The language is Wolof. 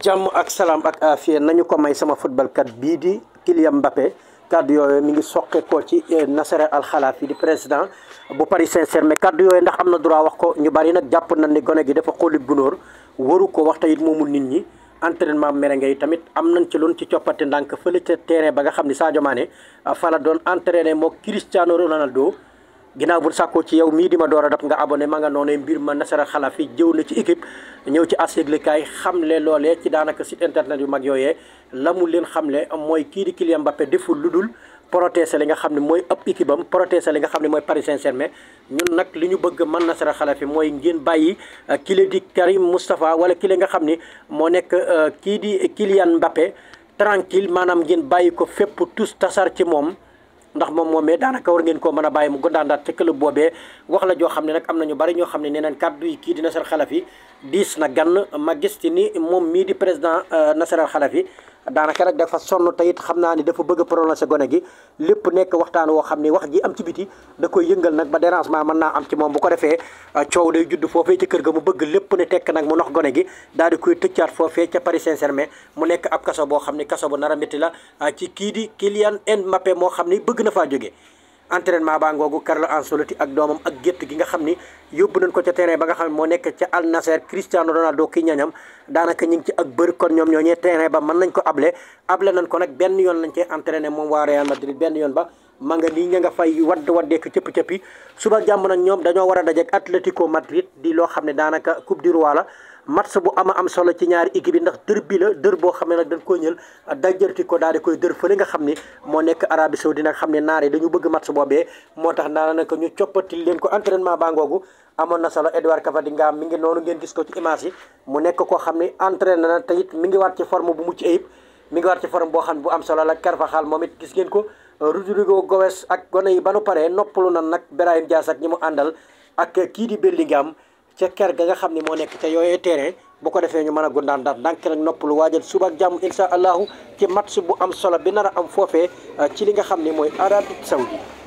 jàmm ak salaam ak afiya nañu ko may sama footballkat bii di Kylian Mbappé kaddu yooyu mi ngi soqe ko ci eh, Nasser Al Khelaïfi di président bu Paris Saint-Germain kaddu yooyu ndax am na droit wax ko ñu bari nag jàpp nañ ni gone gi dafa xoolib gunóor waru ko wax tey it moomul nit ñi entraînement merengue yi tamit am nañ ci loon ci coppate ndànk fële ca terrain ba nga xam ni Sadio Mané ah, fa la doon entraîné moo na Ronaldo ginaaw bu sàkkoo ci yow mii di ma door a dab nga abonné ma nga noonee mbir ma nasara xalaf yi jëw na ci équipe ñëw ci as yëglekaay xamle loolee ci daanaka site internet yu mag yooyee la mu leen xamle mooy kii di Kylian Mbappé deful lu dul protéger li nga xam ne mooy ab équipe am protéger li nga xam ne mooy Paris Saint-Germain ñun nag li ñu bëgg man nasara xalaf yi mooy ngeen bàyyi euh, kile di Karim Moustapha wala kile nga xam ni moo nekk euh, kii di Kylian Mbappé tranquille maanaam ngeen bàyyi ko fépp tous tasar ci moom ndax moom moomee daanaka war ngeen koo mën a bàyyi mu gondaandaat ca club boobee wax la joo xam ne nag am na ñu bari ñoo xam ne nee nañ kàddu yi kii di Nasser Khalafi diis na gan ma gis ci ni moom mii di président euh, Nasser Khalafi daanake rek dafa sonn te it xam naa ni dafa bëgg a prolongé gone gi lépp nekk waxtaan woo xam ni wax ji am ci biti da koy yëngal nag ba dérangement mën naa am ci moom bu ko defee euh, coow day judd foofee ci kër ga mu bëgg lépp ne tekk nag mu nox gone gi daal di koy tëccaat foofee ca Paris Saint-Germain mu nekk ab kaso boo xam ni kaso bu nar a métti la euh, ci kii di Kylian Mbappé moo xam ni bëgg na faa jógee entraînement baa ngoogu Carlo Ancelotti ak doomam ak gétt gi nga xam ni yóbbu nañ ko ca terrain ba nga xam ne moo nekk ca Al Nasser Cristiano Ronaldo ki ñañam daanaka ñu ngi ci ak bër kon ñoom ñoo ñee terrain ba mën nañ ko able able nañ ko nag benn yoon lañ cee entraîné moom waa Real Madrid benn yoon ba ma nga nii ña nga fay wadd waddeeku cëpp-cëppi suba jàmm nag ñoom dañoo war a dajeek Atlético Madrid di loo xam ne daanaka Coupe du Roi la match bu ama am solo ci ñaari équipe yi ndax dër bi la dër boo xam ne nag dañ koy ñël dajjarti ko daal di koy dër fële nga xam ni moo nekk Arabie Saoudite nag xam ne naa yi dañu bëgg match boobee moo tax naa na ñu leen ko entraînement baa ngoogu amoon na solo Edouard Camavinga mi ngi noonu ngeen gis ko ci image yi mu nekk koo xam ne entraîné na te it mi ngi waat ci forme bu mucc ayib mi ngi waat ci forme boo xam ne bu am solo la Carvajal moom it gis ngeen ko Rodrigo Goes ak gone yi ba nu paree noppalu na nag Brahim Diaz ak ñi mu àndal ak kii di Bellingham ca ker ga nga xam ne moo nekk ca yooyee terrain bu ko defee ñu mën a gundaan daat ndànk rek noppalu waajal suba ak jàmm insha allahu ci match bu am solo bi nar am foofee ci li nga xam ni mooy Arabie Saoudite